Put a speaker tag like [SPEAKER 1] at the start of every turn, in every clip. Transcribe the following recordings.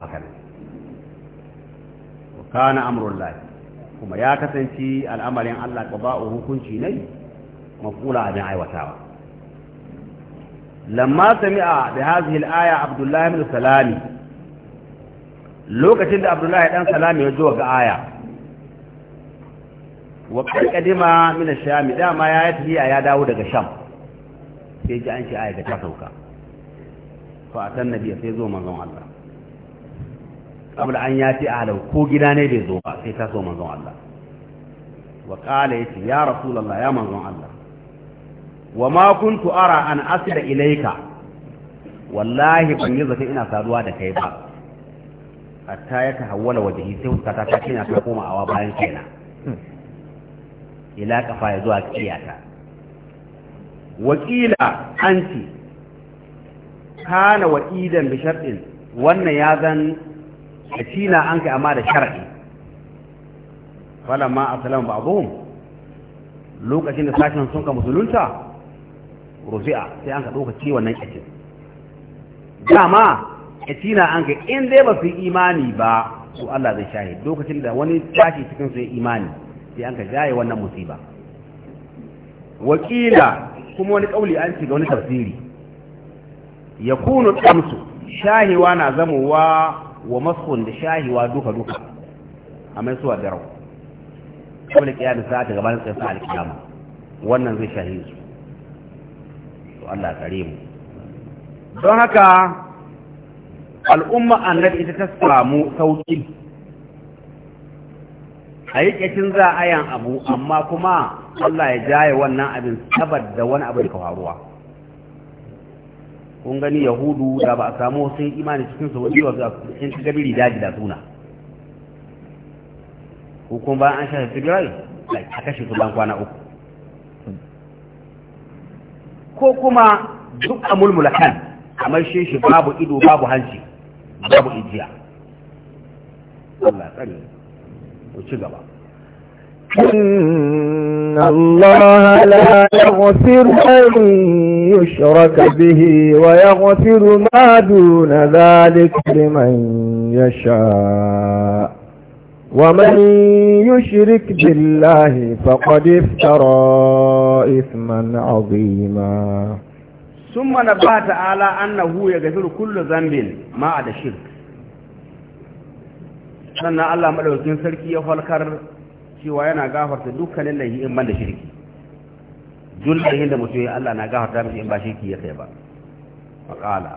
[SPEAKER 1] hakan wa kana amrullah kuma ya kasance al'amarin Allah qada'u hukunci ne mafula abin aiwatawa lamma sami'a da hadhihi al-aya Abdullahi ibn Salami lokacin da Abdullahi dan Salami ya zo ga aya wa kadima min ash-sham dama ya tafi ya dawo daga sham sai ji an ci aya ga ta sauka fa atan nabi sai zo manzon Allah saboda ya ce alau ko gida ne bai zo ba sai ta so manzon Allah wa qala yace ya rasulullah ya manzon Allah wa ma kuntu ara an asida ilaika wallahi ban yi zata ina saduwa da kai ba hatta ya ta hawwala wajhi sai ka ta kace ta koma awa bayan kenan ila kafa ya zuwa kiyata wakila anti kana wa idan bi wannan ya zan da na an kai amma da shar'i falamma aslamu ba'dhum lokacin da sashen sun ka musulunta rufi'a sai an ka ɗauka ci wannan ƙyacin dama ƙyaci na an ka in dai ba su yi imani ba su Allah zai shahi lokacin da wani tashi cikin su ya imani sai an ka jaye wannan musiba wakila kuma wani ƙauli an ci ga wani tafsiri ya kunu ɗamsu shahiwa na zamowa wa maskun da shahiwa duka duka a mai suwa garau kawai kiyar da sa'a ta gabanin tsaye sa'a alkiyama wannan zai shahi su to Allah kare mu don haka al'umma annabi ita ta samu sauki a yi ƙashin za a yan abu amma kuma Allah ya jaye wannan abin da wani abu da ka faruwa kun gani yahudu da ba a samu sun imani cikin su wani wa in ka gabiri daji da suna ko kuma ba an shafe tigray a kashe su ban kwana uku ko kuma duk a mulmula kan kamar shi shi babu ido babu hanci babu ijiya Allah tsari ku ci gaba
[SPEAKER 2] إن الله لا يغفر أن يشرك به ويغفر ما دون ذلك لمن يشاء ومن يشرك بالله فقد افترى إثما عظيما
[SPEAKER 1] ثم نبه تعالى أنه يغفر كل ذنب ما عدا الشرك sannan Allah madaukakin sarki ya falkar cewa yana gafarta dukkanin laifi in ban da shirki duk laifin da mutum ya Allah na gafarta mishi in ba shirki ya kai ba faqala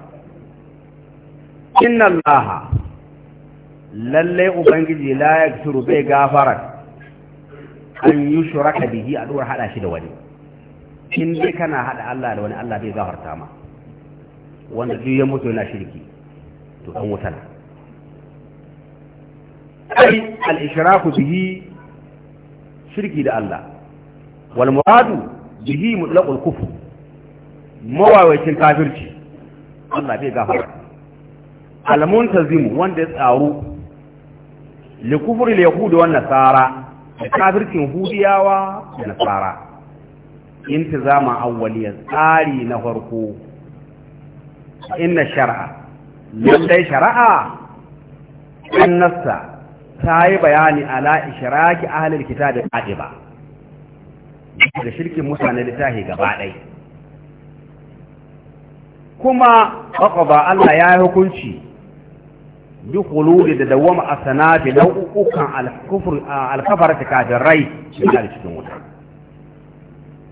[SPEAKER 1] inna Allah lalle ubangiji la yaghfiru bai gafara an yushraka bihi a dora hada shi da wani in dai kana hada Allah da wani Allah bai gafarta ma wanda duk ya mutu yana shirki to dan wuta na ai al-ishraku bihi shirki da Allah wal muradu bihi mutlaqul kufr mawawacin kafirci Allah bai gafara al muntazimu wanda ya tsaro li kufri yahudi wan nasara kafircin hudiyawa da nasara intizama awwaliya tsari na farko inna shar'a lallai shari'a an nassa ta yi bayani ala ishiraki ahalil kita da ƙaɗi ba da shirkin mutane littafi gaba ɗai kuma ba Allah ya yi hukunci bi hululi da dawama a sana bi nau'ukan alkafar ta kafirai da cikin wuta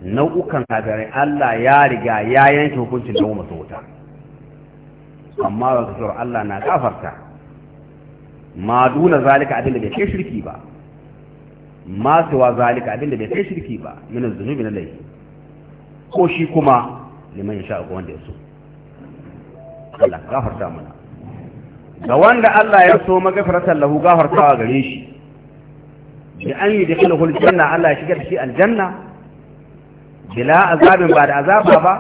[SPEAKER 1] nau'ukan kafirai Allah ya riga ya yanke hukuncin da wuta amma ba Allah na kafarta. ma duna zalika abinda bai kai shirki ba ma siwa zalika abinda bai kai shirki ba min zunubi na laifi ko shi kuma liman sha ga wanda ya so Allah gafarta mana ga wanda Allah ya so magafaratan lahu gafartawa gare shi bi an yi dakhala hul janna Allah ya shiga da shi aljanna bila azabin ba da azaba ba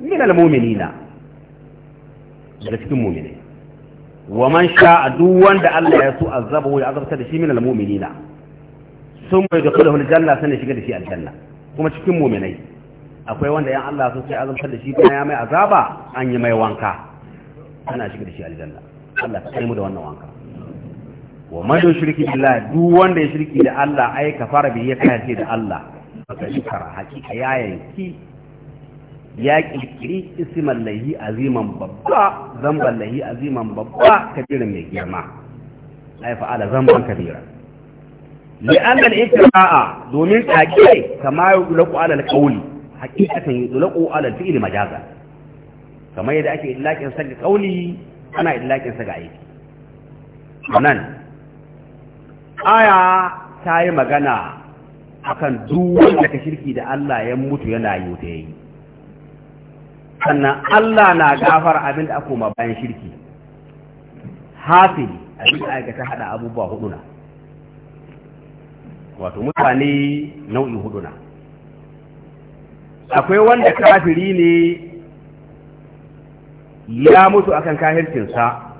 [SPEAKER 1] min al mu'minina daga cikin mu'minai wa man sha'a duk wanda Allah ya so azaba ya azabta da shi min almu'minina sun bai da kullu aljanna sai shiga da shi aljanna kuma cikin mu'minai akwai wanda yan Allah so sai azabta da shi kuma ya mai azaba an yi mai wanka ana shiga da shi aljanna Allah ka kai mu da wannan wanka wa man shirki billahi duk wanda ya shirki da Allah ai kafara bi ya kai da Allah shi kara hakika ya yanki ya kirkiri isman lahi aziman babba zamban lahi aziman babba kabirin mai girma ai fa'ala zamban kabira li'an al-ikra'a domin take kama yulqu ala al-qawli hakikatan yulqu ala al-fi'li majaza kamar yadda ake illakin sa ga qawli ana illakin sa ga aiki nan aya ta yi magana akan duk wanda ka shirki da Allah ya mutu yana yi ta yi sannan Allah na gafar abin da aka koma bayan shirki hafili a cikin aikata hada abubuwa huduna wato mutane nau'i huduna akwai wanda kafiri ne ya mutu akan kahircinsa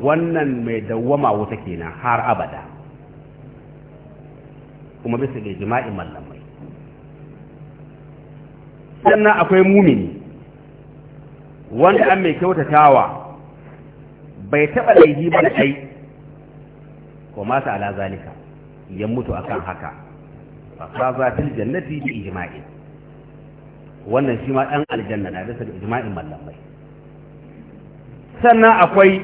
[SPEAKER 1] wannan mai dawwama wuta kenan har abada kuma bisa ga jima'in mallamai sannan akwai mumini wanda an mai kyautatawa bai taɓa laifi ba da kai ko sa ala zalika ya mutu akan haka fa za ta jannati bi ijma'i wannan shi ma dan aljanna na bisa ijma'in mallamai sannan akwai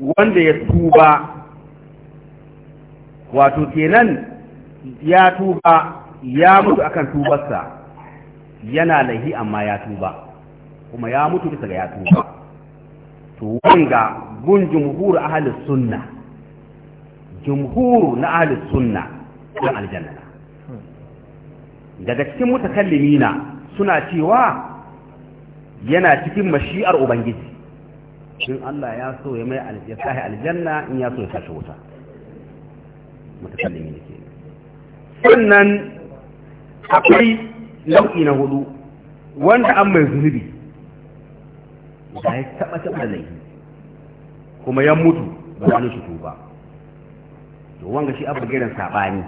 [SPEAKER 1] wanda ya tuba wato kenan ya tuba ya mutu akan tubarsa yana laihi amma ya tuba kuma ya mutu bisa ga ya tuba to wanga gun jumhur ahli sunna jumhur na ahli sunna da aljanna daga cikin mutakallimina suna cewa yana cikin mashi'ar ubangiji in Allah ya so ya mai aljanna aljanna in ya so ya sashi wuta mutakallimi ne ke sannan akwai nau'i na hudu wanda an mai zunubi da ya taɓa taɓa da laifi kuma ya mutu ba wani shi tuba to wanga shi abu gidan saɓani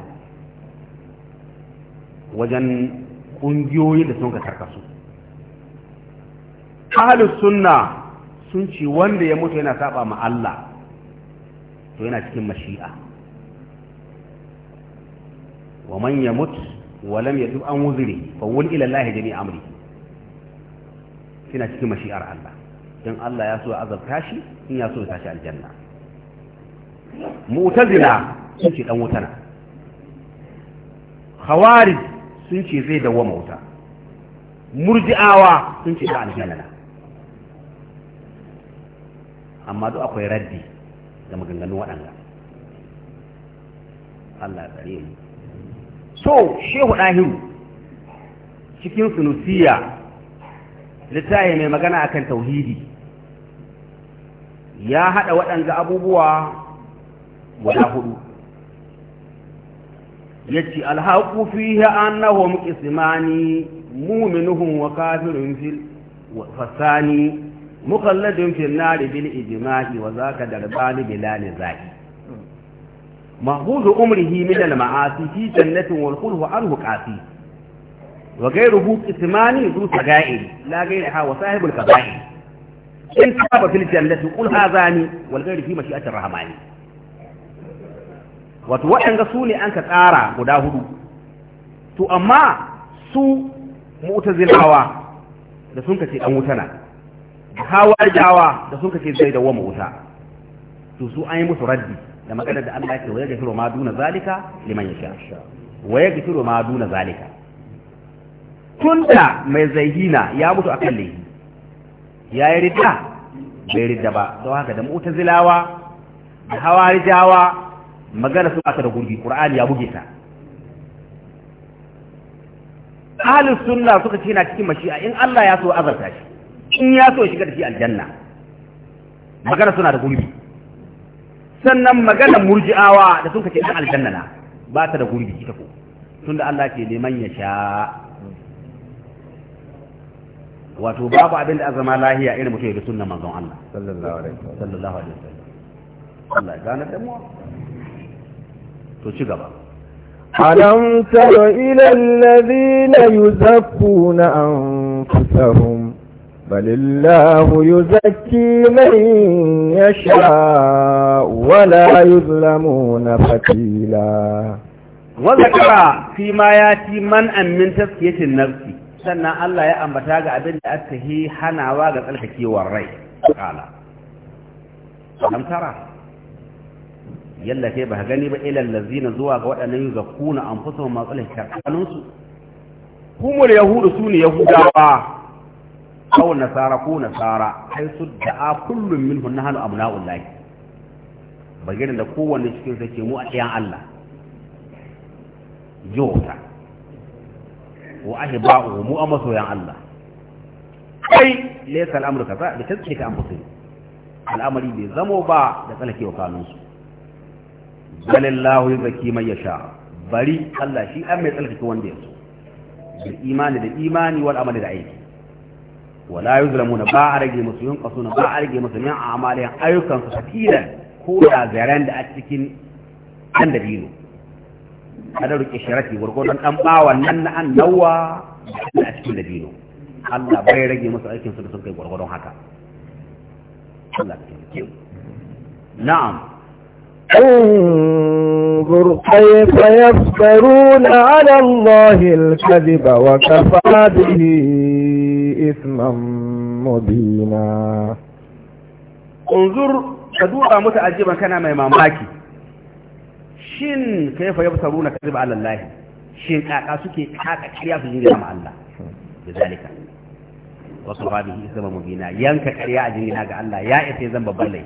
[SPEAKER 1] wajen ƙungiyoyin da sun ka karkasu ahalus sunna sun ce wanda ya mutu yana saba ma Allah to yana cikin mashi'a wa man ya mutu walam yatub an wuzuri fa wul ila Allah jami amri suna cikin mashi'ar Allah in Allah ya so azabta shi in ya so tashi aljanna mu'tazila sun ce dan wuta na khawarij sun ce zai dawo mauta murji'awa sun ce da aljanna amma duk akwai raddi da maganganun waɗanda So shehu ɗahiru cikin sunusiya littafi mai magana akan tauhidi ya haɗa waɗanda abubuwa guda hudu ya ce alhaƙu fiye annahum ismani muminuhun wa kafirun fil fasani mukalladin fil nari bil ijma'i wa zaka darbani bilal zaki mahfuzu umrihi min al-ma'asi fi jannatin wal khulhu anhu qasi wa ghayruhu qismani zu sagair la ghayraha wa sahibul kaba'ir in saba fil jannati qul hazani wal ghayru fi mashi'atir rahmani wato waɗanda su ne an tsara guda hudu to amma su mu'tazilawa da sun kace dan wutana hawarjawa da sun kace zai wuta an yi musu raddi da maganar da Allah yake wa shiru ma duna zalika liman yasha wa yaghfiru ma duna zalika tunda mai zaihina ya mutu akan laifi ya yi ridda bai ridda ba don haka da mu'tazilawa da hawarijawa magana su aka da gurbi qur'ani ya buge ta ahlus sunna suka ce na cikin mashi'a in Allah ya so azarta shi in ya so shiga da shi aljanna magana suna da gurbi sannan maganar murji'awa da sun kace dan aljanna na ba ta da gurbi ita ko tunda Allah ke neman ya sha wato babu abin da azama lahiya irin mutum ya ga sunnan manzon Allah sallallahu alaihi wasallam sallallahu alaihi wasallam Allah ya gane da mu to ci gaba alam
[SPEAKER 2] tara ila alladhina yuzakkuna anfusahum بل الله يزكي من يشاء ولا يظلمون فتيلا
[SPEAKER 3] وذكر
[SPEAKER 1] فيما ياتي من من تزكية النفس سنة الله يا أم بتاجع بنت أته حنا واجد الحكي والري قال لم ترى yalla kai ba gani ba ilal lazina zuwa ga waɗannan yuzakkuna anfusuhum ma tsalhin kanunsu humul yahudu sunu yahudawa aw nasara ko nasara ai su da'a kullum minhu nahnu abna'ullahi bagirin da kowanne cikin sa ke mu a ɗayan Allah jota wa ahba'u mu a masoyan Allah ai laysa al'amru kaza da tazkiyati anfusihim al'amari bai zamo ba da tsalakewa kanunsu balillahu yuzaki man yasha bari Allah shi an mai tsalkake wanda ya so bil imani da imani wal amali da aiki wala yuzlamuna ba a rage masu musu yunqasuna ba a rage musu min a'malihim ayyukan su sakilan ko da zaren da a cikin kan da biyu kada rike sharati gurgurdan dan bawan nan na an annawa da a cikin da biyu Allah bai rage masu aikin su da sun kai gurgurdan haka Allah ya na'am انظر كيف يفترون
[SPEAKER 2] على الله الكذب وكفى به إثما مبينا
[SPEAKER 1] انظر كدوء متعجبا كان ما يماماكي shin kai fa yabtaruna kadhiba ala Allah shin kaka suke kaka kariya su jingina ma Allah bizalika wa safa bihi isma yanka kariya a na ga Allah ya sai zan babban lai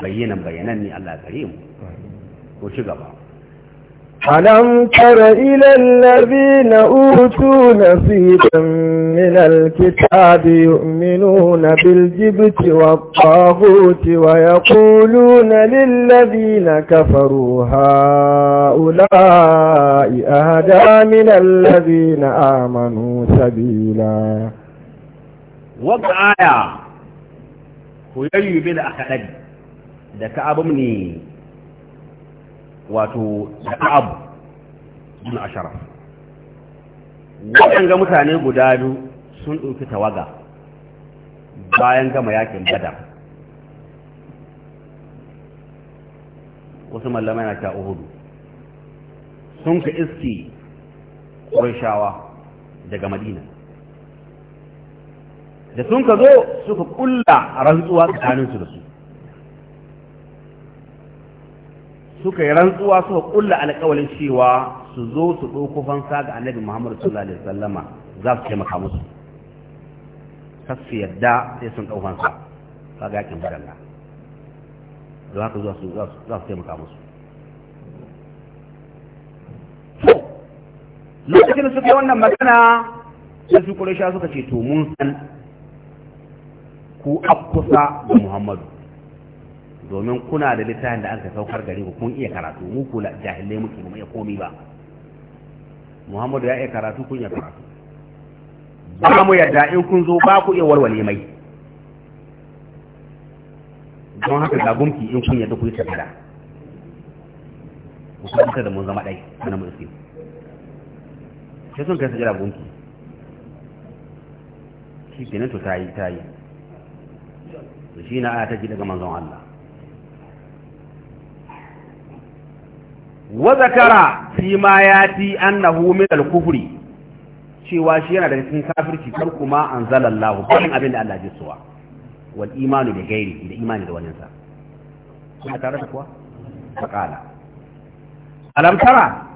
[SPEAKER 1] bayyanan bayanan Allah ko
[SPEAKER 2] ألم تر إلى الذين أوتوا نصيبا من الكتاب يؤمنون بالجبت والطاغوت ويقولون للذين كفروا هؤلاء أهدى من الذين آمنوا سبيلا
[SPEAKER 1] وقع آية هيي بلا أخلد دك أبمني wato da abu bin ashara waɗanga mutane guda biyu sun ɗauki tawaga bayan gama yakin badar wasu mallama yana ta uhudu sun ka iski ƙurshawa daga madina da sun ka zo suka ƙulla a rantsuwa tsakaninsu da su suka yi rantsuwa suka kulla alƙawalin cewa su zo su ɗauko fansa ga annabi Muhammad sallallahu alaihi wasallama za su taimaka musu kar su yadda sai sun ɗau fansa ka ga kin badalla don haka zuwa su za su taimaka musu lokacin da suka yi wannan magana sai su kurisha suka ce to mun san ku akusa da Muhammadu domin kuna da littafin da aka saukar gare ku kun iya karatu mu ku jahilai muke mu iya komi ba Muhammadu ya iya karatu kun iya karatu ba mu yadda in kun zo ba ku iya warware mai don haka ga gumki in kun yadda ku yi tafiya ku san da mun zama dai ana mun sai sai sun kai sajira gumki shi kenan to ta yi ta yi shi na aya ta ji daga manzon Allah wa zakara fi ma yati annahu min al-kufri cewa shi yana da cikin kafirci kar kuma anzalallahu bayan abin da Allah ya suwa wal imanu bi ghairi da imani da wani sa kuma tare da kuwa faqala alam tara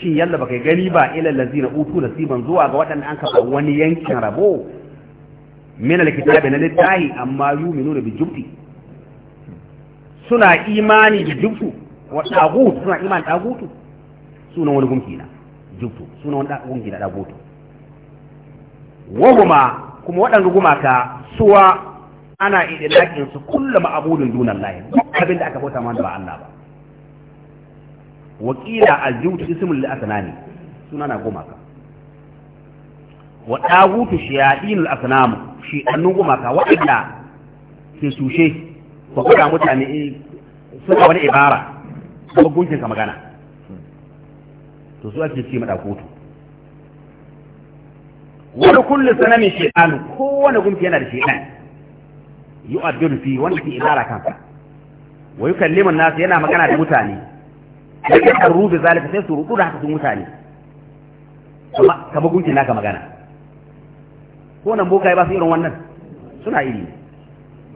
[SPEAKER 1] shin yalla baka gani ba ila allazina utu nasiban zuwa ga waɗanda an kafa wani yankin rabo min alkitabi na littahi amma yu'minuna bi jubti suna imani da jubtu wa tagut suna iman tagutu sunan wani gunki na jubtu sunan wani gunki na tagutu wahuma kuma waɗanda gumaka suwa ana idilakin su kullum abudun dunan lahi abinda aka bauta ma ba Allah ba wakila ismu lil asnani suna na gumaka wa tagutu shiyadinul asnamu shi annun gumaka waɗanda ke sushe ko kuma mutane eh, suka wani ibara kuma gunkin ka magana to su ake ce mada kotu wani kullu sanamin ko kowane gunki yana da shaytan yu'addu fi wanda ke idara kansa wa yukallimu kallimin nas yana magana da mutane yake karu da zalika sai su rubu da haka sun mutane kama gunkin naka magana ko nan bokaye ba su irin wannan suna iri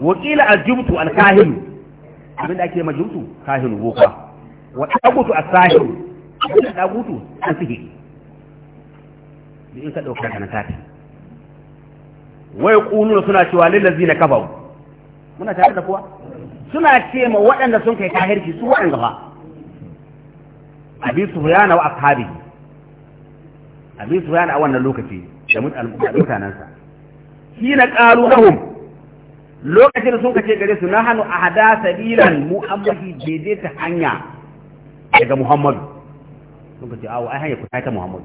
[SPEAKER 1] wakila aljubtu alkahinu abinda ake majubtu kahinu boka wa a sashen wani ɗagutu an sihiri in ka ɗauka kana tafi wai ƙununa suna cewa lillazi na kafa. muna tare da kuwa suna ce ma waɗanda sun kai kahirci su waɗanda ba abin sufiyana wa ashabi abin sufiyana a wannan lokaci da mutanensa shi na ƙaru na lahum lokacin sun kace gare su na hannu a hada sabilan mu daidaita hanya daga muhammadu suka ce awo ai hanyar ku ta muhammadu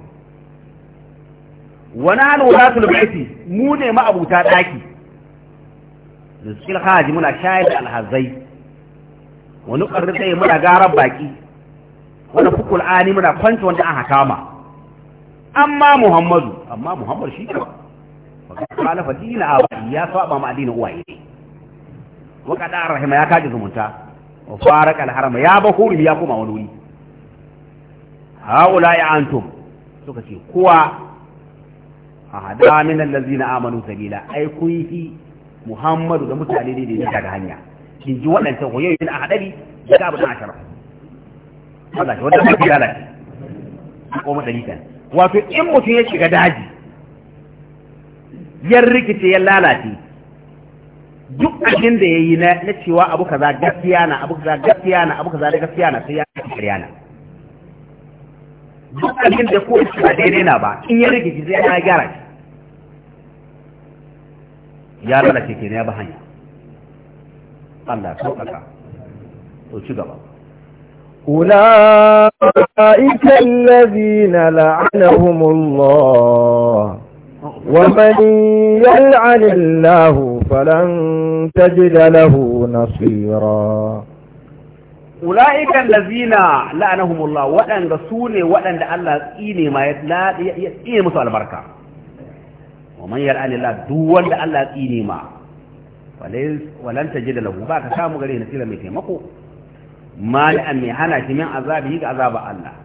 [SPEAKER 1] wani hannu wala tulbaiti mu ne ma ɗaki, da su cikin haji muna shayar da alhazai wani ƙarfi tsaye muna garar baƙi. wani fukul ani muna kwanci wanda an hakama amma muhammadu amma muhammadu shi kawai kalafa dina ba, ya saba ma addinin uwaye yi. wa kadar rahima ya kaji zumunta wa faraka alharama ya ba hurumi ya koma wani wuri haula ya antum suka ce kuwa a hada min allazina amanu sabila ai kun yi muhammadu da mutane ne da daga hanya kin ji waɗancan hoyoyin a hadari da abu dan ashara Allah shi wanda ake lalace ko mu kan wato in mutum ya shiga daji ya rikice ya lalace duk abin da yayi na cewa abu kaza gaskiya na abu kaza gaskiya na abu kaza gaskiya na sai ya karya na duk abin ko kowace ba daidai na ba in ya rage zai ya gyara shi ya lalace ke ya ba hanya Allah ya sauƙaƙa to ci gaba أولئك
[SPEAKER 2] الذين لعنهم الله ومن يلعن الله فلن تجد له نصيرا
[SPEAKER 1] ula'ikan lazina la'anahumullah waɗanda su ne waɗanda Allah tsine ma ya tsine musu albarka wa man yal'anillah duk wanda Allah tsine ma walan tajida lahu ba ka samu gare nasira mai taimako mali'an mai hana shi min azabi ga azaba Allah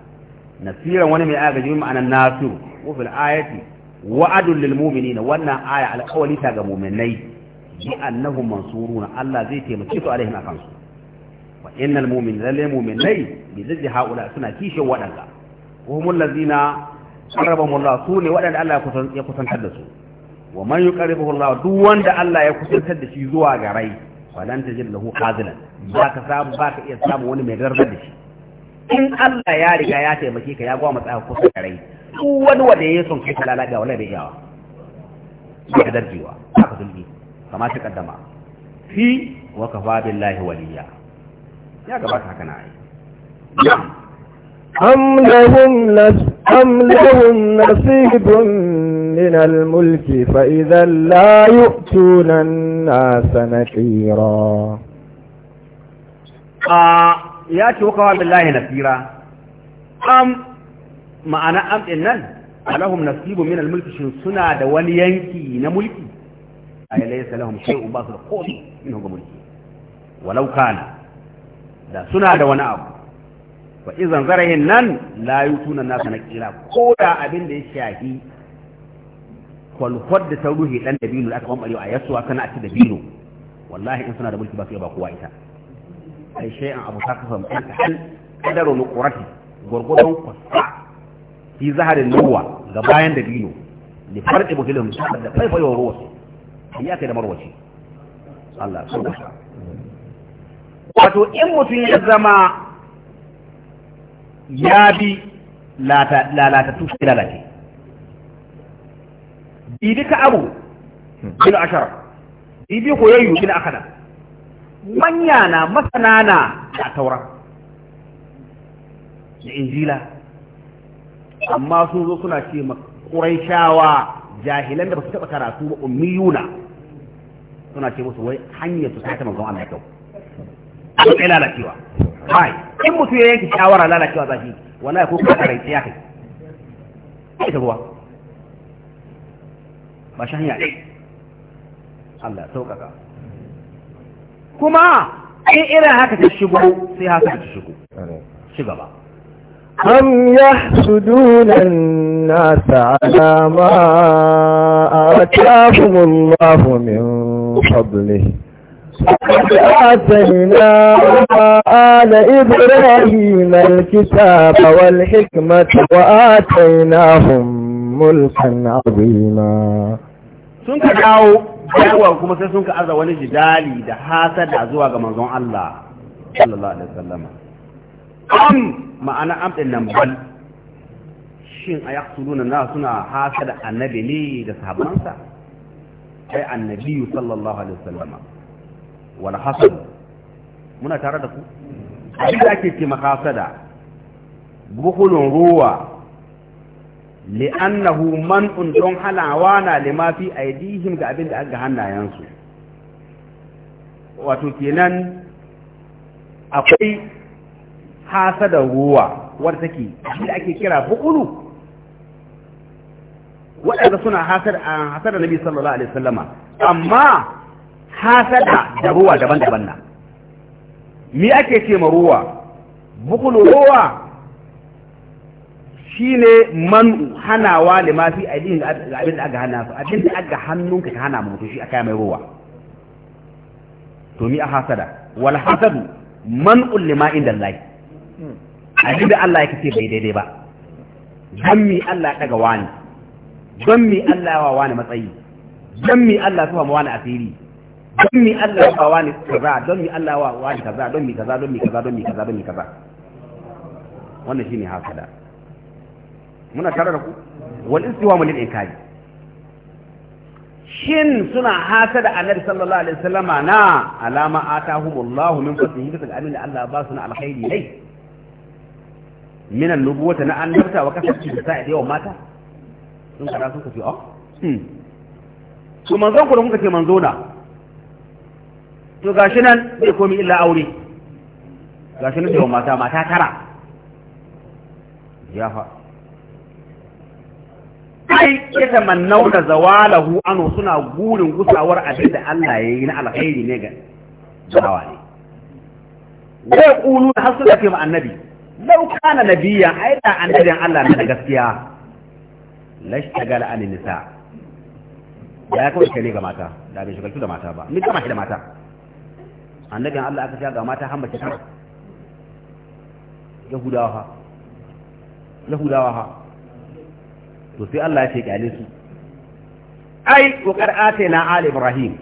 [SPEAKER 1] nasiran wani mai agaji min ma'anan Nasiru, wa ayati wa'adun lil na wannan aya alƙawali ta ga mu'minai bi annahum mansuruna Allah zai taimake su alaihim akan su innal mu'min lalle mu'minai bi zidi haula suna kishin wadanda wa humul ladina qarrabahum Allah sune wadanda Allah ya kusantar da wa man yuqarribuhu Allah duk wanda Allah ya kusantar da shi zuwa ga rai falan tajid ka samu ba ka iya samu wani mai garbar da shi in Allah ya riga ya taimake ka ya gwa matsaya kusa da rai wani wanda ya son kai ka darjewa ba ka zulmi kaddama fi wa kafa billahi waliyya. ya gabata haka na ayi أم لهم,
[SPEAKER 2] أم لهم mulki من الملك فإذا لا يؤتون الناس نكيرا
[SPEAKER 1] ya ce wakawa billahi nasira am ma'ana am din nan alahum nasibu min al-mulki shin suna da wani yanki na mulki ay laysa lahum shay'un ba su da komai min ga mulki walau kana da suna da wani abu wa izan zarahin nan la yutuna nasa na kira ko da abin da ya shafi kwalkwar da ta ruhe dan dabino da aka bambare a yasuwa kana a ci dabino wallahi in suna da mulki ba su yaba kowa ita ai an abu ta kafa mutum ta hal kadaru nuqrati gurgudun kwasa fi zaharin nuwa ga bayan dabino li farqi buhilum da faifayo ruwa su ya kai da marwaci Allah subhanahu wato in mutum ya zama ya bi lalatattu sai lalace bibi ka abu bil ashara bibi ko yayyu bil akada manya na masana na da taura da injila amma sun zo suna ce ma shawa, jahilan da ba su taɓa karatu ba ummiyuna suna ce musu wai hanyar su ta manzon Allah kyau a kai lalacewa kai in mutum ya yanke shawara lalacewa za shi ko ka ya kai ruwa ba shi hanya Allah sauƙaƙa kuma in irin haka ta shigo sai haka ta shigo ci gaba هم
[SPEAKER 2] يحسدون الناس على ما آتاهم الله من فضله آتينا
[SPEAKER 3] آل إبراهيم
[SPEAKER 2] الكتاب والحكمة وآتيناهم ملكا عظيما
[SPEAKER 1] سنك ka dawo كما سنك أرضا ونجدالي ka دعزوا wani jidali da hasada zuwa ga manzon Allah sallallahu alaihi wasallam am ma'ana am din nan bal shin na suna hasada annabi ne da sahabbansa sai annabi sallallahu alaihi wasallam wal hasad muna tare da ku abin da ake ce mahasada bukulun ruwa Annahu, man'un don halawa na lima fi aidihim ga abin da aka hannayensu wato kenan akwai hasada ruwa wadda take abin da ake kira bukulu waɗanda suna hasar a hasar da nabi sallallahu alaihi wasallama amma hasada da ruwa daban-daban na mi ake ce ma ruwa bukulu ruwa shine man hanawa ne ma fi aidin ga abin da aka hana su abin da aka hannunka ka hana mutu shi aka mai ruwa to mi a hasada wal hasadu man ulima inda Allah abin da Allah yake ce bai daidai ba don mi Allah ya daga wani don mi Allah ya wa wani matsayi don mi Allah ya tuwa wani asiri don mi Allah ba wani kaza don mi Allah wa wani kaza don mi kaza don mi kaza don mi kaza don mi kaza wannan shine haka muna tare da ku wal istiwamu lil inkari shin suna hasada annabi sallallahu alaihi wasallama na alama atahumullahu min fadlihi daga abin da Allah ba su na alkhairi dai min annubuwata na annabta wa kasance da sa'a yawan mata sun kada sun kace oh hmm. to manzon ku da kuka ce manzo na to gashi nan bai komi illa aure gashi nan da mata mata tara ya fa ai ya tamannau da zawalahu anu suna gurin gusawar abin da Allah ya yi na alkhairi ne ga zawali ne wai kulu da hasu da ke ma annabi lau kana nabiya ai da annabin Allah na da gaskiya lashtagala an nisa ya kawai ne ga mata da bai shagaltu da mata ba ni kama shi da mata annabin Allah aka ce ga mata hambace ta yahudawa ha yahudawa ha to sai Allah ya ce kyale su ai wa qad na ali ibrahim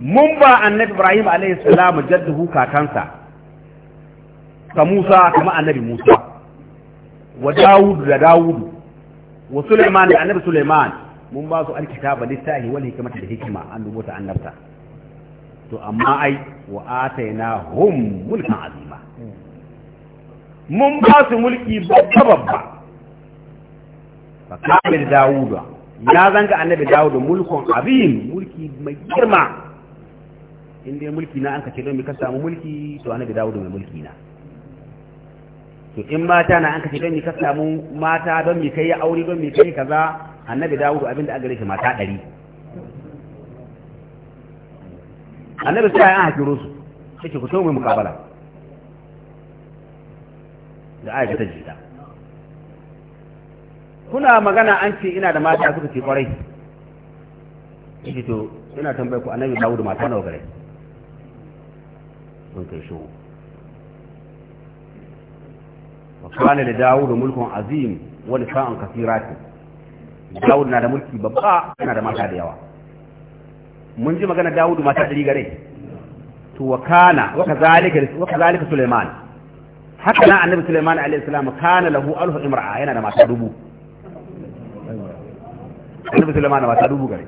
[SPEAKER 1] mun ba annabi ibrahim alaihi salam jadduhu kakansa ka musa kuma annabi musa wa dawud da dawud wa suleiman da annabi suleiman mun ba su alkitaba littahi wal hikmata da hikima an rubuta annabta to amma ai wa ataina hum mulkan azima mun ba su mulki babba babba fa kamil dawuda ya zanga annabi dawuda mulkun azim mulki mai girma inda mulki na an ce don mi ka samu mulki to annabi dawuda mai mulki na to in mata na an ce don mi ka samu mata don mi kai aure don mi kai kaza annabi dawuda abinda aka gare shi mata ɗari. annabi sai ya hakiro su take ku tawo mai mukabala da aisha ta jida kuna magana an ce ina da mata suka ce kwarai yake to ina tambaye ku annabi dawo da mata nawa gare mun kai shi wa kana da dawo da mulkun azim wani sa'an kafirati dawo na da mulki babba yana da mata da yawa mun ji magana Dawudu mata dari gare to wa kana wa kazalika wa kazalika Sulaiman haka nan annabi Sulaiman alaihi salam kana lahu alhu imra'a yana da mata dubu annabi Sulaiman mata dubu gare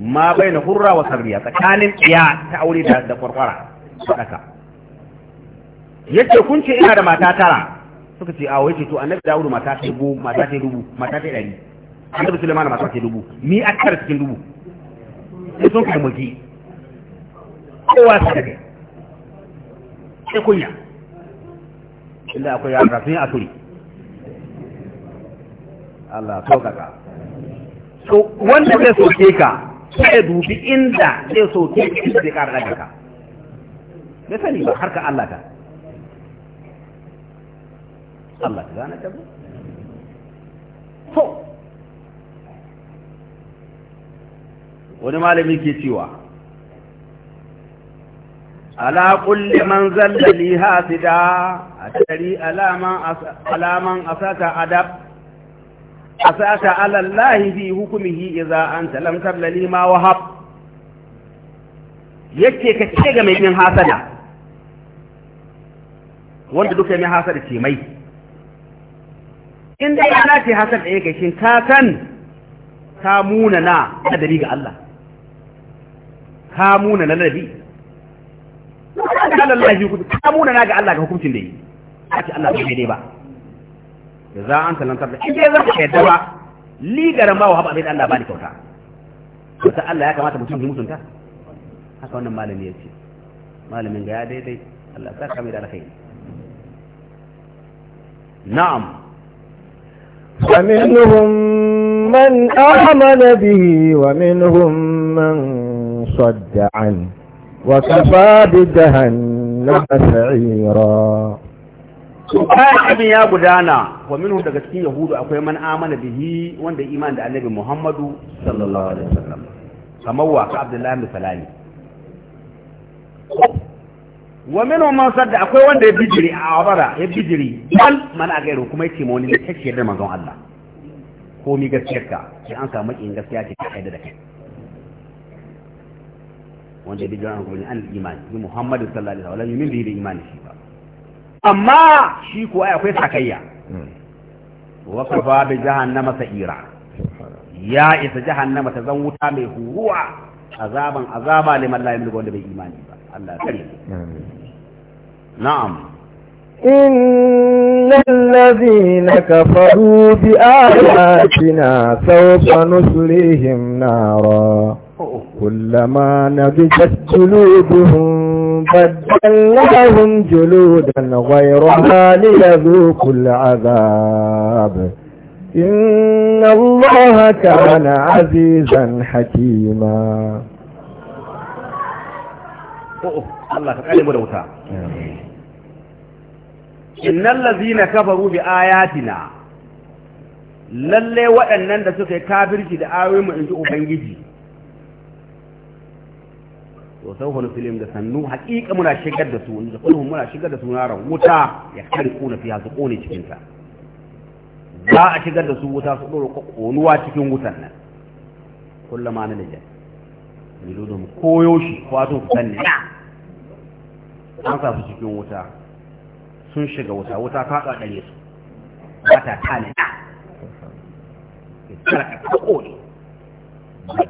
[SPEAKER 1] ma baina hurra wa sarriya tsakanin ya ta aure da da kwarkwara sadaka yace kun ce ina da mata tara suka ce a wai ce to annabi Dawudu mata ta dubu mata ta dubu mata ta dari annabi Sulaiman masu ake dubu ni a kare cikin dubu sai sun kai mulki kowa su daga sai kunya inda akwai yara sun yi a Allah so kaka so wanda zai soke ka sai dubi inda zai soke ka inda zai kara daga ka bai sani ba harka Allah ta Allah ta gane ta to wani malami ke cewa ala kulli man zalla li hasida atari alaman alaman asata adab asata ala allahi fi hukmihi idza anta lam tabla li ma wahab yake ka ce ga mai yin hasada wanda duka mai hasada ce mai in dai ana ce hasada yake shin ka san ka muna na adari ga Allah kamuna na nabi kamuna na ga Allah ga hukuncin da yi a ce Allah ba dai ba da za an talantar da in dai za ka yadda ba ligaran ba wa haɓa bai Allah ba ni kyauta wata Allah ya kamata mutum ya mutunta haka wannan malami ya ce malamin ga ya daidai Allah sa kamar da alkhairi na'am فمنهم
[SPEAKER 2] من آمن به ومنهم من صد عنه وكفى بجهنم سعيرا
[SPEAKER 1] Abin ya gudana wa minhu daga cikin Yahudu akwai man amana bihi wanda iman da Annabi Muhammadu sallallahu alaihi wasallam kamar wa ka Abdullahi bin Salami wa minhu man sadda akwai wanda ya bijiri a abara ya bijiri bal man a gairu kuma yake ma wani ne kake da manzon Allah ko mi gaskiyarka sai an samu in gaskiya ce ta kaida da kai wanda bi jama'a gurin an imani bi Muhammadu sallallahu alaihi wasallam yumin bi da imani shi ba amma shi ko ai akwai sakayya hmm. wa kafa bi jahannama sa'ira ya isa jahannama ta zan wuta mai huruwa azaban azaba liman la yamliku wanda bai imani ba Allah kare hmm. na'am
[SPEAKER 2] إن الذين كفروا بآياتنا سوف نصليهم نارا كلما نضجت جلودهم بدلناهم جلودا غيرها ليذوقوا العذاب إن الله كان عزيزا حكيما
[SPEAKER 1] إن الذين كفروا بآياتنا lalle waɗannan da suka yi kafirci da ayoyin mu in to sau hulu filim da sannu haƙiƙa muna shigar da su da kulhun muna shigar da su ran wuta ya kari kuna fiya su ƙone cikinta za a shigar da su wuta su ɗora ƙonuwa cikin wutan nan kullum ana da jan mu koyo shi kwato ku sanni na an sa su cikin wuta sun shiga wuta wuta ta ƙaƙare su ba ta tani na ya tsara ƙaƙo ne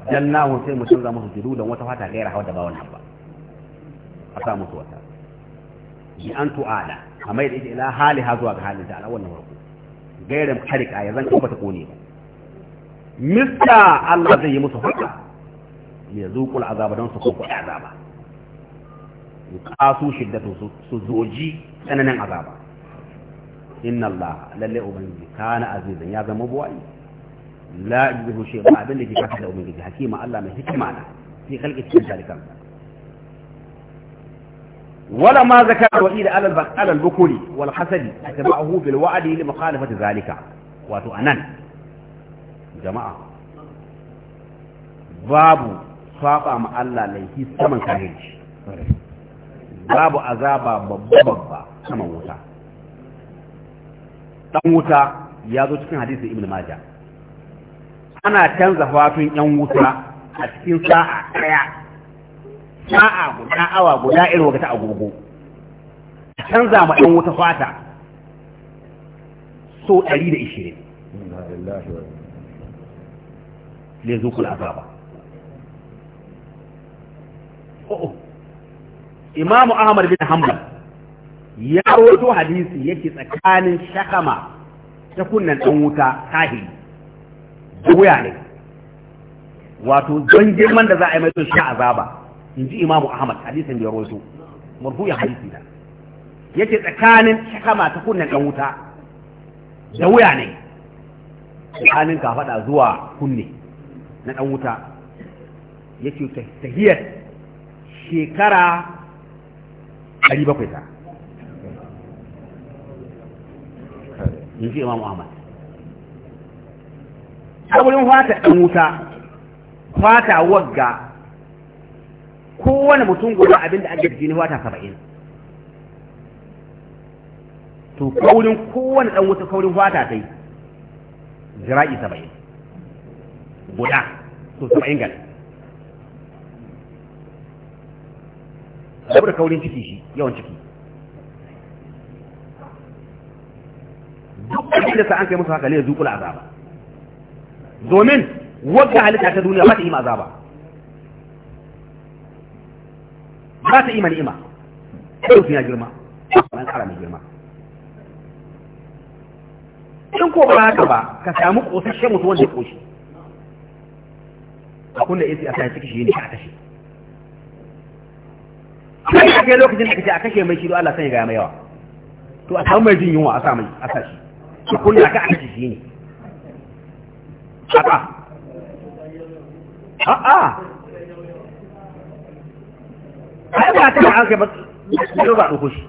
[SPEAKER 1] badalnahu sai mu canza musu jududan wata fata gaira hawa da ba wannan ba a sa musu wata bi an tu'ala amma da ila hali ha zuwa ga halin ta ala wannan farko gairin harika ya zan tabbata kone ba mista Allah zai yi musu haka ya zuƙul azaba don su koko azaba su yuqasu shiddatu su zoji tsananin azaba inna Allah lalle ubangiji kana azizan ya zama buwai la yuhu shi ba abin da ke kasa da ubangiji hakima Allah mai hikima na fi khalqi cikin talikan wala ma zakara wa ila alal alal bukuri wal hasadi atba'ahu bil wa'di li mukhalafati zalika wato anan jama'a babu saba ma Allah laifi saman kahirci babu azaba babba babba saman wuta dan wuta ya zo cikin hadisin Ibn majah ana canza fatun yan wuta a cikin sa'a ɗaya sa'a guda awa guda irin wata agogo a canza ma yan wuta fata so 120 le zuku azaba oh, oh. imamu ahmad bin hanbal ya rawaito hadisi yake tsakanin shakama ta kunnan dan wuta tahiri wuya ne wato don girman da za a yi mai shi azaba in ji imamu ahmad hadisin da ya rosu ya hadisi da yace tsakanin shakama ta kunnen ɗan wuta da wuya ne tsakanin ka zuwa kunne na ɗan wuta ta tahiyar shekara bakwai ta in ji imamu ahmad saurin fata ɗan wuta fata wagga kowane mutum guda abinda an ake jini fata saba'in to kaurin kowane ɗan wuta kaurin fata sai yi zira'i saba'in guda to saba'in gari saboda kaurin ciki shi yawan ciki duk da sa an kai musu haka ne zuƙula azaba domin wagga halitta ta duniya ba ta yi azaba ba ta yi ma ni'ima sai yi ya girma ta kara mai girma in ko ba haka ba ka samu kosasshen mutu wanda ya koshi a kunda isi a sai ciki shi ne a kashe kai da kai lokacin da kace a kashe mai shi don Allah sai ya ga mai yawa to a samu mai jin yunwa a sa mai a sa shi ka a kashe shi ne haka a'a ai a ta da an kai ba ba ɗauko shi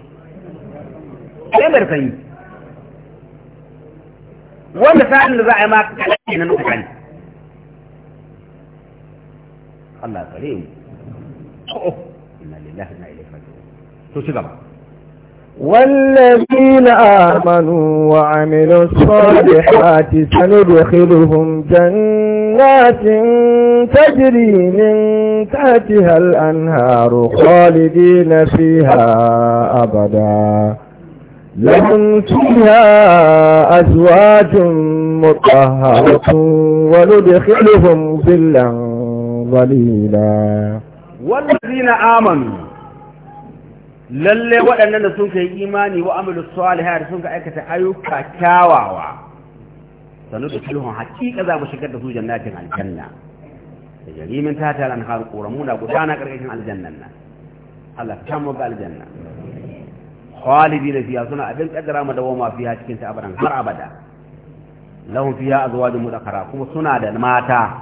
[SPEAKER 1] sai mai rufayi wanda sa'in da za a yi ma kaɗaɗe Allah kare oh inna lillahi na ilaihi raji'un to shi والذين
[SPEAKER 2] آمنوا وعملوا الصالحات سندخلهم جنات تجري من تحتها الأنهار خالدين فيها أبدا لهم فيها أزواج مطهرة وندخلهم ظلا ظليلا
[SPEAKER 1] والذين آمنوا lalle waɗannan da sun kai imani wa amalu salihah da sun ka aikata ayyuka kyawawa sanu da kulhun hakika za mu shigar da su jannatin aljanna da jarimin ta tara na har ƙoran muna gudana ƙarƙashin aljannan nan Allah ta mu ga aljanna khalidina fiya suna abin kaddara mu dawoma fiya cikin ta abadan har abada lahum fiya azwajun mudakara kuma suna da mata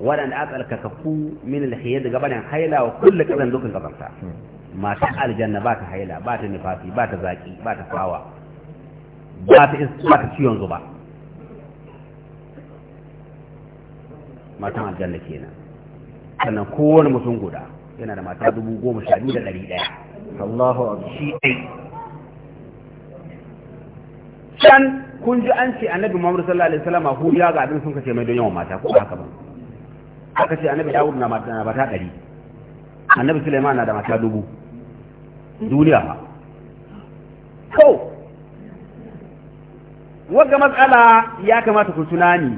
[SPEAKER 1] waɗanda aka alkakafu min alhiyya daga bayan haila wa kullu kazan dukkan kazanta mata aljanna ba ta haila ba ta nufafi ba ta zaki ba ta fawa ba ta ta ciwon zuba matan aljanna kenan sannan kowane mutum guda yana da mata dubu goma sha biyu da ɗari ɗaya sallahu a shi ɗai can kun ji an ce annabi muhammadu sallallahu alaihi wasallam hu ya ga abin sun kace mai don yawan mata ko haka ba aka ce annabi dawud na mata ɗari annabi suleiman na da mata dubu duniya ha ko wadda matsala ya kamata ku tunani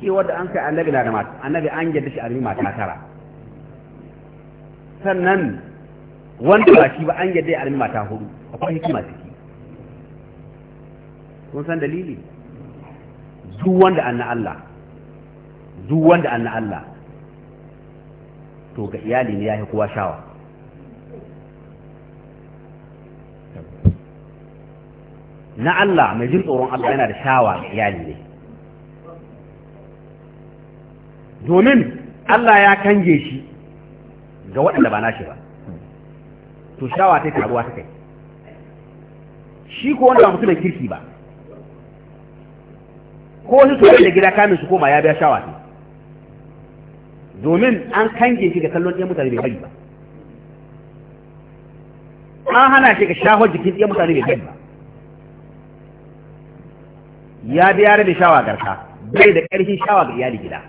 [SPEAKER 1] cewa da an kai annabi na da mata annabi an yadda shi alimi mata tara sannan wanda ba shi ba an yadda alimi mata hudu akwai hikima ciki kun san dalili duk wanda an na Allah duk wanda an na Allah to ga iyali ne ya yi kowa shawa na Allah mai jin tsoron Allah yana da shawa iyali ne domin Allah ya kange shi ga waɗanda ba nashi ba to shawa ta karuwa ta kai shi ko wanda ba mutumin kirki ba ko wani tsoron da gida kamin su koma ya biya shawa ne domin an kange shi ga kallon ɗaya mutane bai bari ba an hana shi ga shahon jikin ɗaya mutane bai bari ba ya biya da shawa garka bai da ƙarfi shawa ga iyali gida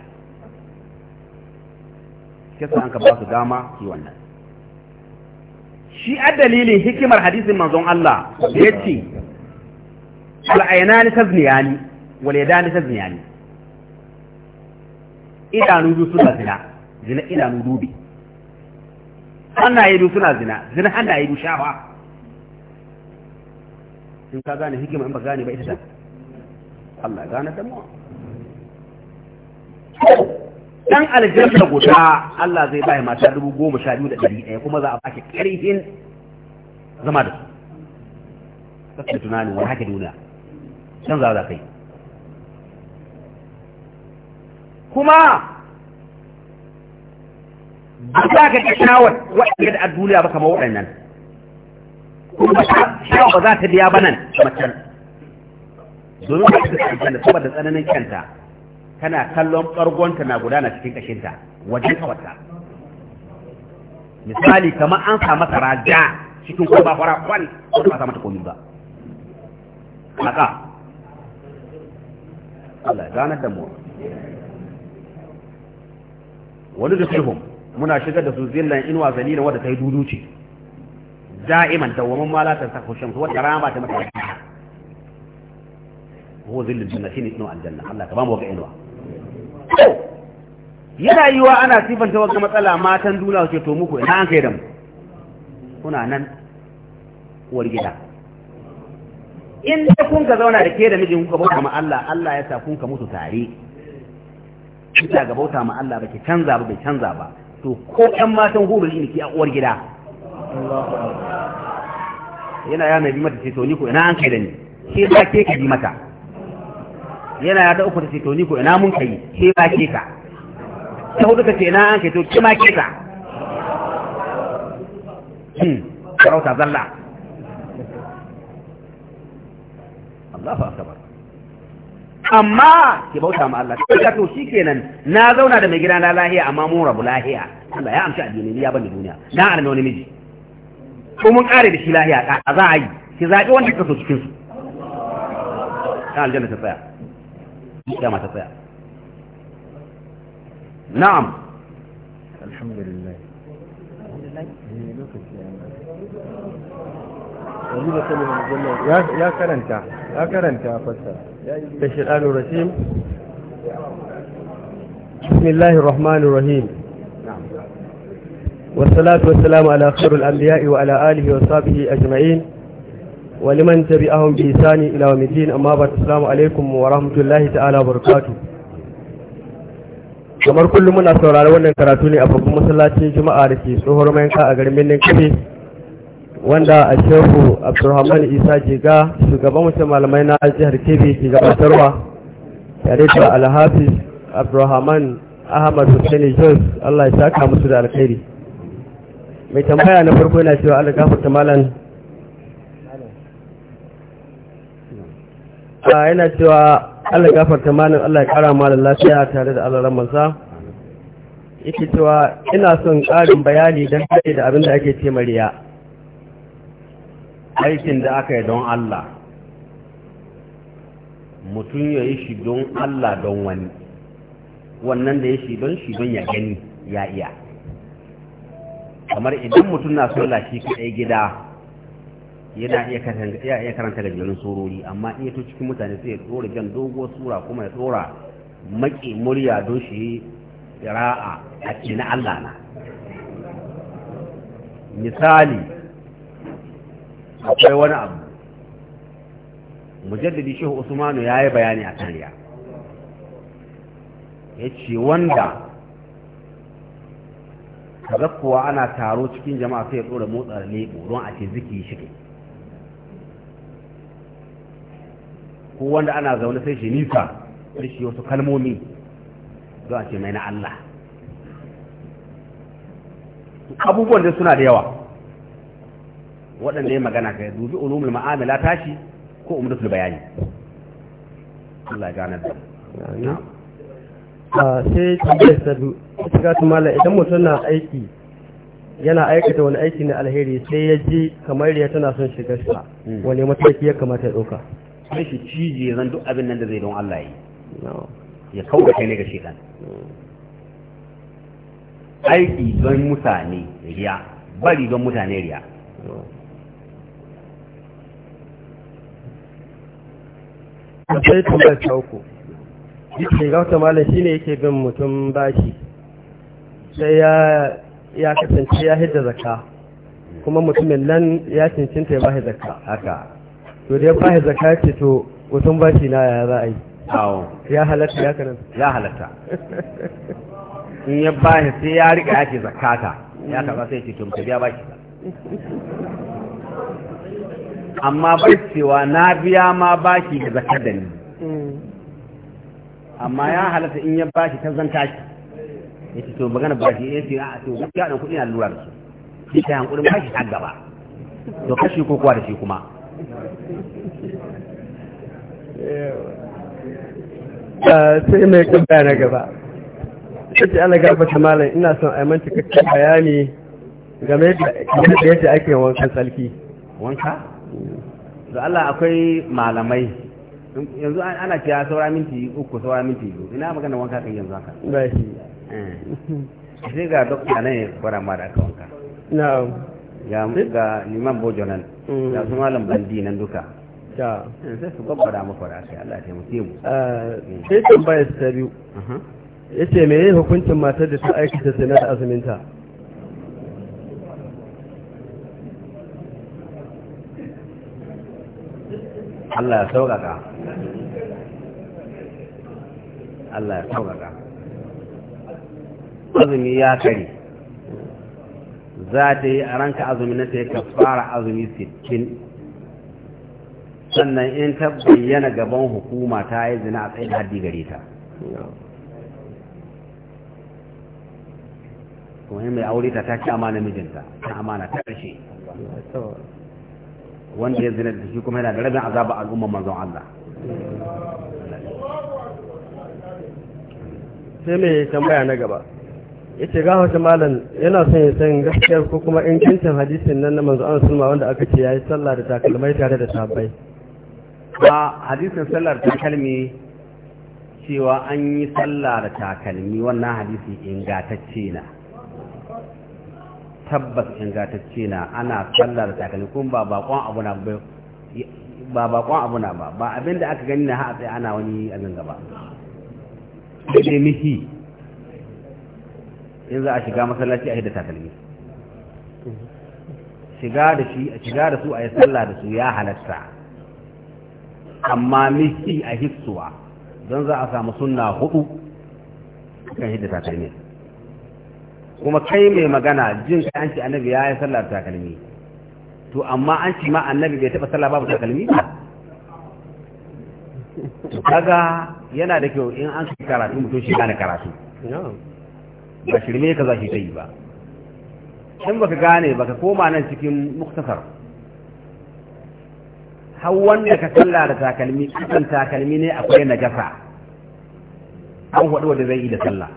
[SPEAKER 1] kisa an ka ba su dama shi wannan shi a dalilin hikimar hadisin manzon Allah da ya ce al'aina ni ta ziniyani waleda ni ta ziniyani idanu du suna zina zina idanu dubi hannaye du suna zina zina hannaye du shawa. in ka gane hikima in ba gane ba ita ta Allah gane da mu dan aljanna guda Allah zai bai mata dubu goma sha biyu da ɗari ɗaya kuma za a ba ki ƙarfin zama da su kasa tunanin wani haka duniya can za za kai kuma ba za ka ga shawar waɗanda da a duniya ba kama waɗannan kuma shawar ba za ta biya ba nan kamar can domin ba ta da saboda tsananin kyanta kana kallon bargonta na gudana cikin kashinta wajen kawarta misali kamar an sa masa raja cikin ba fara kwan ko ba sa mata komai ba haka Allah ya da mu wani da sulhum muna shigar da su zillan inuwa zalila wadda ta yi dudu ce da'iman dawamin malatar sa kushin wadda rama ta mata هو ذل الجنة شين يتنوع الجنة الله كمان وقع إنوا يلا أيوة أنا سيفا توقع مثلا ما تندولا وشيطوموكو إنا أنك يدم هنا نن ورجلا in da kun ka zauna da ke da mijin kuka bauta ma Allah Allah ya sa kun ka mutu tare kika ga bauta ma Allah baki canza ba bai canza ba to ko ƴan matan hubul ne ki a uwar gida yana ya nabi mata ce to ni ko ina an kai da ni ke ba ke ka bi mata yana ta uku ta ce to ni ko ina mun kai ke ma ke ka ta hudu ta ce ina an kai to ke ma ke ka hmm, sarauta zalla Allahu akbar amma ki bauta ma Allah ka to shikenan na zauna da mai gida na lahiya amma mun rabu lahiya Allah ya amsa addini ya bani duniya na arme wani miji ko mun kare da shi lahiya ka za a yi ki zabi wanda ka so cikin su ta aljanna ta tsaya kiyama ta tsaya na'am alhamdulillah eh,
[SPEAKER 3] ya karanta ya karanta fassara da shaɗanu rasim bismillahir rahmanir rahim والصلاة والسلام على خير الأنبياء وعلى آله وصحبه أجمعين ولمن تبعهم بإحسان إلى يوم الدين أما بعد السلام عليكم ورحمة الله تعالى وبركاته kamar kullum muna saurari wannan karatu ne a babban masallacin juma'a da ke tsohon mayanka a garin birnin kabe wanda a shehu abdulrahman isa jega shugaban wasu malamai na jihar kebbi ke gabatarwa tare da alhafiz abdulrahman ahmad hussein jos allah ya saka musu da alkhairi mai tambaya na farko yana cewa algafarta malam yana cewa Allah gafarta malin Allah ya kara malin lafiya tare da Allah ramansa yake cewa ina son ƙarin bayani don haɗe
[SPEAKER 1] da abin da ake ce mariya aikin da aka yi don Allah mutum ya yi shi don Allah don wani wannan da ya shi don shi don ya gani ya iya kamar idan mutum na son lashi kaɗai gida yana iya karanta gajerun surori amma in to cikin mutane sai ya tsora jan doguwar sura kuma ya tsora maki murya don shi ra'a a na Allah na misali akwai wani abu mujaddadi shehu usmanu ya yi bayani a kariya ya ce wanda kaga kuwa ana taro cikin jama'a sai ya tsora motsa lebo don a ce ziki shi ko wanda ana zaune sai shi nisa da shi wasu kalmomi zuwa a ce mai na Allah abubuwan dai suna da yawa waɗanda ya magana ka dubi ulumul ma'amila tashi ko umdatul bayani Allah ya gane da
[SPEAKER 3] ah, sai tambayar sadu, ita ga tumala idan mutum na aiki yana aikata wani aiki na alheri sai ya ji kamar ya tana son shiga sa hmm. wani mataki ya kamata ya ɗauka
[SPEAKER 1] sai shi cije zan duk abin nan da zai don Allah yi ya kauda kai ne ga shekan aiki don mutane riya bari don mutane riya akwai tambayar ta uku yake ga wata malam
[SPEAKER 3] shi ne yake bin mutum bashi sai ya ya kasance ya hidda zakka kuma mutumin nan ya cincinta ya bashi zakka haka to da ya fahi zaka ce to wasan bashi na ya za a yi ya halatta ya kanan ya
[SPEAKER 1] halatta in ya bashi sai ya rika ya ce zakata ya karba sai ce to mutum ya bashi amma bai cewa na biya ma bashi da zakar da ni amma ya halatta in ya bashi ta zanta shi ya ce to magana bashi ya ce a to gaskiya ɗan kuɗi na lura da su shi ta hankulin bashi ta gaba to kashi ko kuwa da shi kuma Eh, sai mai tambaya
[SPEAKER 3] na gaba sai ana gabata malam ina son a manta kakkan bayani game da yadda
[SPEAKER 1] ake wankan tsalki wanka? da Allah akwai malamai yanzu ana cewa saura minti uku saura minti biyu ina magana wanka kan yanzu haka ba shi eh. sai ga dokta nan ya kwara ma da aka wanka na ga liman bojo nan da su malam bandi nan duka eh, sai su gwabbara maka da aka Allah ta mutu mu eh, sai
[SPEAKER 3] tambayar ta biyu ya ce mai hukuncin matar da ta aikata sanar da azuminta
[SPEAKER 1] Allah ya sauƙaƙa Allah ya sauƙaƙa azumi ya kare za ta yi a ranka azumi na ta yi kafara azumi sittin sannan in ta bayyana gaban hukuma ta yi zina a tsaye da haddi gare ta kuma mai aure ta ta ci amana mijinta ta amana ta ƙarshe wanda ya zina da shi kuma yana da rabin azaba al'umma manzon Allah
[SPEAKER 3] sai mai tambaya na gaba yace ga wata malam yana son ya san gaskiyar ko kuma ingancin hadisin nan na manzo an sulma wanda aka ce yayi sallah da takalmai tare da sahabbai
[SPEAKER 1] a hadisin sallar takalmi cewa an yi sallah da takalmi wannan hadisi ingatacce na tabbas ingatacce na ana sallah da takalmi kuma ba bakon abu na ba ba bakon abu na ba ba abinda aka gani na ha sai ana wani abin gaba sai mihi in za a shiga masallaci a hidda takalmi shiga da shi shiga da su a yi sallah da su ya halatta amma miki a hissuwa don za a samu sunna hudu kan hidda takalmi kuma kai mai magana jin shi an ce annabi ya yi sallah da takalmi to amma an ce ma annabi bai taɓa sallah babu takalmi ba kaga yana da kyau in an karatu mutum shi gane karatu ba shirme ka za shi ta yi ba in ka gane ba ka koma nan cikin muktasar har wanda ka kalla da takalmi kasan takalmi ne akwai na gasa an hudu wanda zai yi da sallah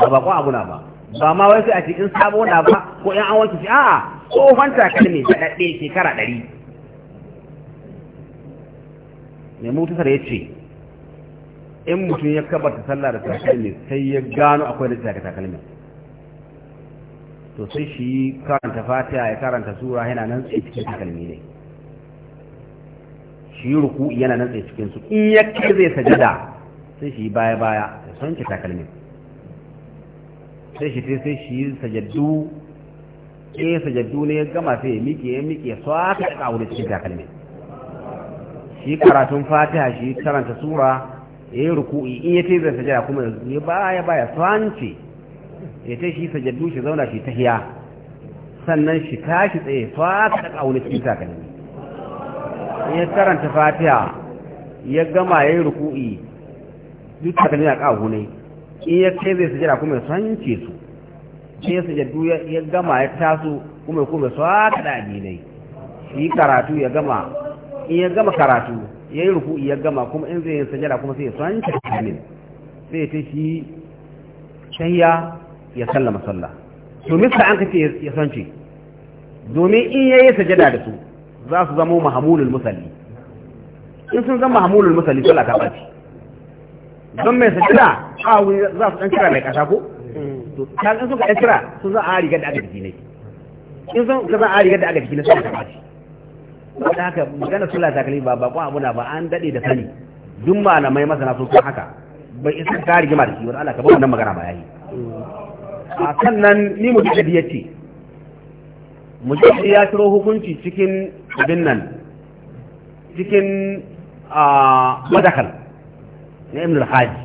[SPEAKER 1] ba ba kwa abuna ba ba ma wai sai a cikin sabo na ba ko yan an wanke shi a'a tsohon takalmi da daɗe shekara ɗari mai da ya ce in mutum ya kabata sallah da ne sai ya gano akwai da tsaka takalmi to sai shi karanta fatiha ya karanta sura yana nan tsaye cikin takalmi ne shi ruku yana nan tsaye cikin su in ya kai zai sajada sai shi baya baya ya sonke takalmin sai shi sai shi sajaddu eh sajaddu ne ya gama sai ya miƙe ya miƙe ya swata da kawo cikin takalmin shi karatun fatiha shi karanta sura yi ruku'i in ya yace zai sajada kuma ya baya baya sanci ya ta shi sajadu shi zauna shi tahiya sannan shi tashi tsaye fata da kauna cikin takalmi ya karanta fatiha ya gama yi ruku'i duk takalmi na kawo ne in ya ce zai sajada kuma ya sanci su sai sajadu ya gama ya taso kuma ya kuma fata da addinai shi karatu ya gama in ya gama karatu yi ruku iya gama kuma in zai yi sajada kuma sai ya sanci amin sai ya shi shayya ya sallama sallah to mista an kace ya ce domin in ya yi sajada da su za su zama mahamulul musalli in sun zama mahamulul musalli sallah laka bace don mai sajada a wuri za su dan kira mai ƙasa ko in kan suka ɗan kira su za a riga da aka jiki ne in sun za a riga da aka jiki ne sallah ta bace don haka magana sula takalmi ba ba abu na ba an daɗe da sani duk malamai masana sun san haka bai isa ka rigima da shi wani ala ka bar wannan magana ba yayi a sannan ni mujahidi yace mujahidi ya turo hukunci cikin abin nan cikin a madakal na ibn al-haji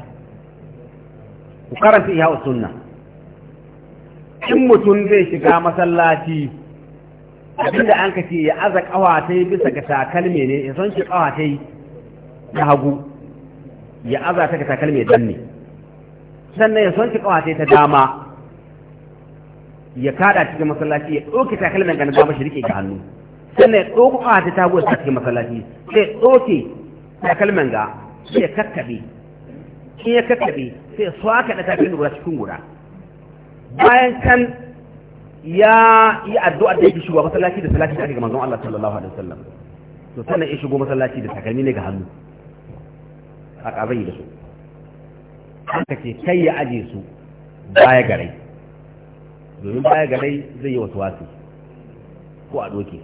[SPEAKER 1] ku karanta iya sunna in mutum zai shiga masallaci abinda an ka ce ya aza kawatai bisa ga takalme ne ya son shi kawatai ta hagu ya aza ta ga takalme danne sannan ya son shi kawatai ta dama ya kada cikin masallaci ya ɗauke takalmen ganin dama shi rike ga hannu sannan ya ɗauke kawatai ta hagu cikin masallaci sai ya ɗauke takalmen ga sai ya kakkaɓe in ya kakkaɓe sai ya swaka da takalmen guda cikin guda bayan can ya yi addu'a da yake shugaba masallaci da salati da ake ga manzon Allah sallallahu alaihi wasallam to sannan ya shigo masallaci da takalmi ne ga hannu a kabai da su haka ce kai ya aje su baya garai domin baya garai zai yi wasu wasu ko a doke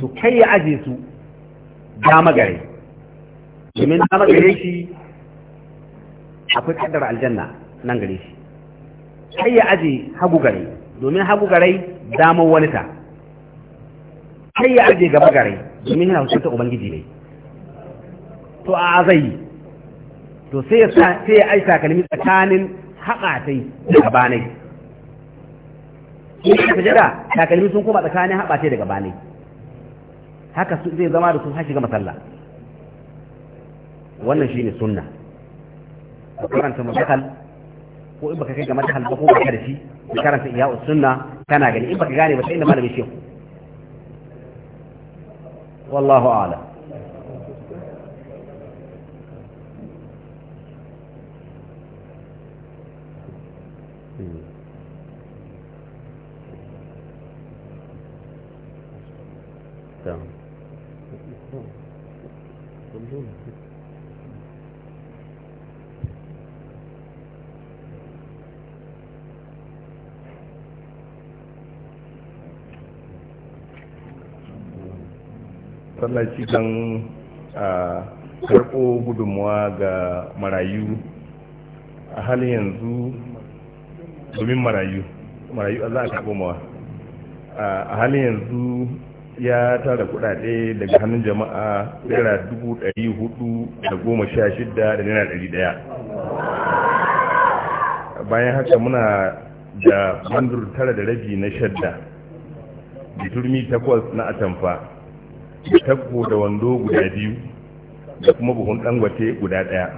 [SPEAKER 1] su kai ya aje su dama garai domin dama gare shi akwai kaddara aljanna nan gare shi sai ya aje hagu gare domin hagu gare damar wani ta sai ya aje gaba gare domin yana hukunta ubangiji ne to a zai to sai ya sai ya aika kalmi tsakanin haƙatai da gabanai in ka sujada takalmi sun koma tsakanin haɓatai da gabanai haka zai zama da su har shiga masalla wannan shine sunna karanta mabakal ko in baka kai ga madhal ba ko baka da shi ka karanta iya sunna kana gani in baka gane ba sai inda malami shehu wallahu a'lam
[SPEAKER 2] Thank you.
[SPEAKER 4] masallaci don karɓo gudunmuwa ga marayu a halin yanzu domin marayu marayu za a karɓo mawa a halin yanzu ya tara kudade daga hannun jama'a naira dubu ɗari hudu da goma sha shida da naira ɗari ɗaya bayan haka muna da bandur tara da rabi na shadda da turmi takwas na atamfa da tabbo da wando guda biyu da kuma buhun dangwate guda daya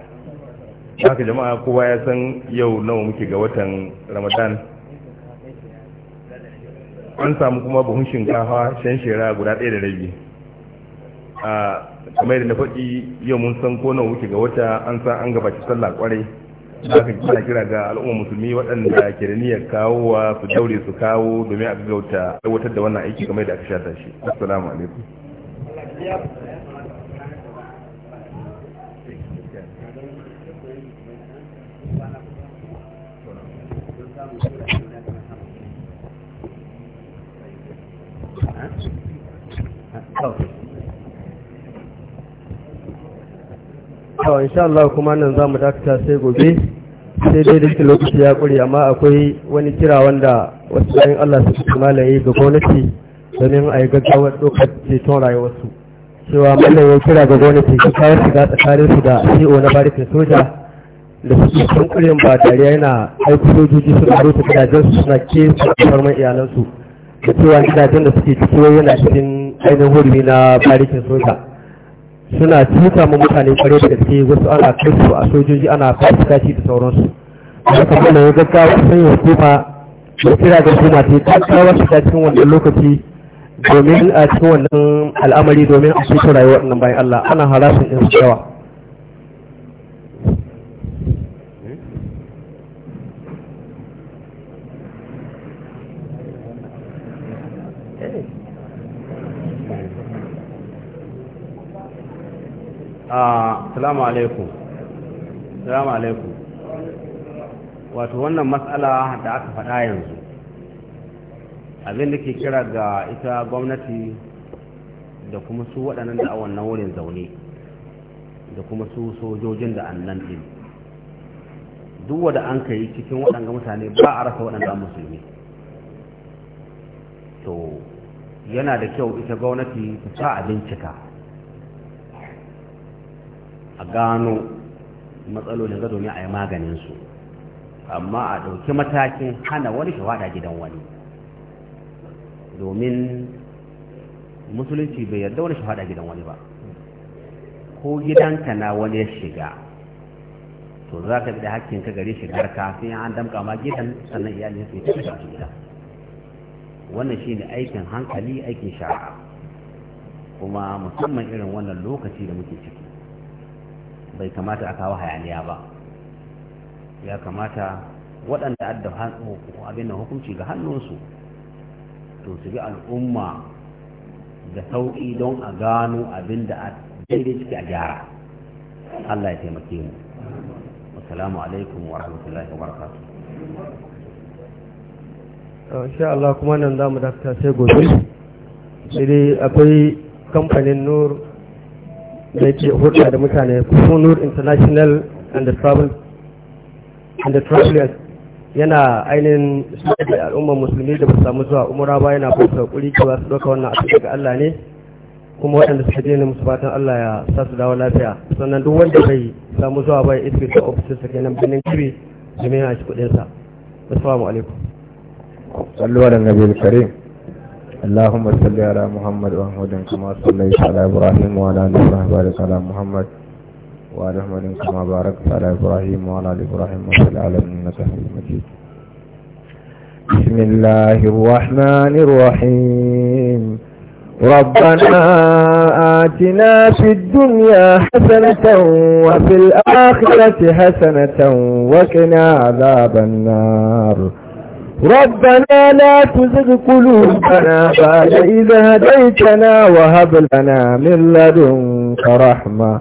[SPEAKER 4] haka jama'a kowa ya san yau nawa muke ga watan ramadan an samu kuma buhun shinkafa shan shera guda ɗaya da rabi a kamar yadda na faɗi yau mun san ko nawa muke ga wata an san an gabaci sallah kwarai haka kira kira ga al'umma musulmi waɗanda ke da niyyar kawo wa su daure su kawo domin a gaggauta aiwatar da wannan aiki kamar da aka shata shi assalamu alaikum
[SPEAKER 2] In
[SPEAKER 3] sha Allah kuma nan mu dakata sai gobe sai dai da lokaci ya ƙuri, amma akwai wani kira wanda wasu bayan Allah su malaye ga gwamnati domin a yi gaggawar dokar ceton rayuwarsu cewa mallan ya kira ga gwamnati su kawo shiga tsakanin su da CEO na barikin soja da suke kunkurin ba tare yana aiki sojoji karo ta gidajen su suna ke su farman iyalansu da cewa gidajen da suke ciki wai yana cikin ainihin hurumi na barikin soja suna cuta mu mutane kware da gaske wasu ana kai su a sojoji ana shi da sauransu haka mallan ya gaggawa sanya hukuma da kira ga hukuma ta kawo shiga cikin wannan lokaci domin a cikin wannan al'amari domin a cikin rayuwar nan bayan Allah ana harasin in su yawa
[SPEAKER 1] Assalamu ah, alaikum. Assalamu alaikum. Wato wannan matsala da aka faɗa yanzu abin da ke kira ga ita gwamnati da kuma su waɗannan da awon wurin zaune da kuma su sojojin da annan ɗin duk wanda an kai cikin waɗanda mutane ba a rasa waɗanda musulmi to yana da kyau ita gwamnati ta sa a bincika a gano matsalolin ga domin a yi maganinsu amma a ɗauki matakin hana wani shawada gidan wani domin musulunci bai yarda wani shahada gidan wani ba ko gidanka na wani ya shiga to za ka bi da hakkin ka gare shigar ka sai an damka ma gidan sannan iyalin su ta shiga gida wannan shine aikin hankali aikin sha'a kuma musamman irin wannan lokaci da muke ciki bai kamata a kawo hayaniya ba ya kamata waɗanda adda abin da hukunci ga hannunsu bi al'umma da sauƙi don a gano abin da a daidai ciki a gyara Allah ya taimake mu assalamu alaikum wa rahmatullahi wa barakatu.
[SPEAKER 3] Uh, insha Allah kuma nan za mu dafta sai gobe sai dai akwai kamfanin nur da ke hulɗa da mutane kusa nur international and the travel and the travelers yana ainihin suke da al'ummar musulmi da ba samu zuwa umura ba yana fasa kuri cewa su doka wannan asibiti daga Allah ne kuma waɗanda suka je ne musu fatan Allah ya sa su dawo lafiya sannan duk wanda bai samu zuwa ba ya iske ta ofisinsa ke kenan birnin kiri da mai ci kuɗin sa assalamu alaikum
[SPEAKER 2] sallu ala nabiyil karim اللهم allahumma salli ala muhammad wa كما kamar على ابراهيم ala ال ابراهيم wa على muhammad وآل كما باركت على إبراهيم وعلى آل إبراهيم وفي العالمين إنك حميد مجيد بسم الله الرحمن الرحيم ربنا آتنا في الدنيا حسنة وفي الآخرة حسنة وقنا عذاب النار ربنا لا تزغ قلوبنا بعد إذا هديتنا وهب لنا من لدنك رحمة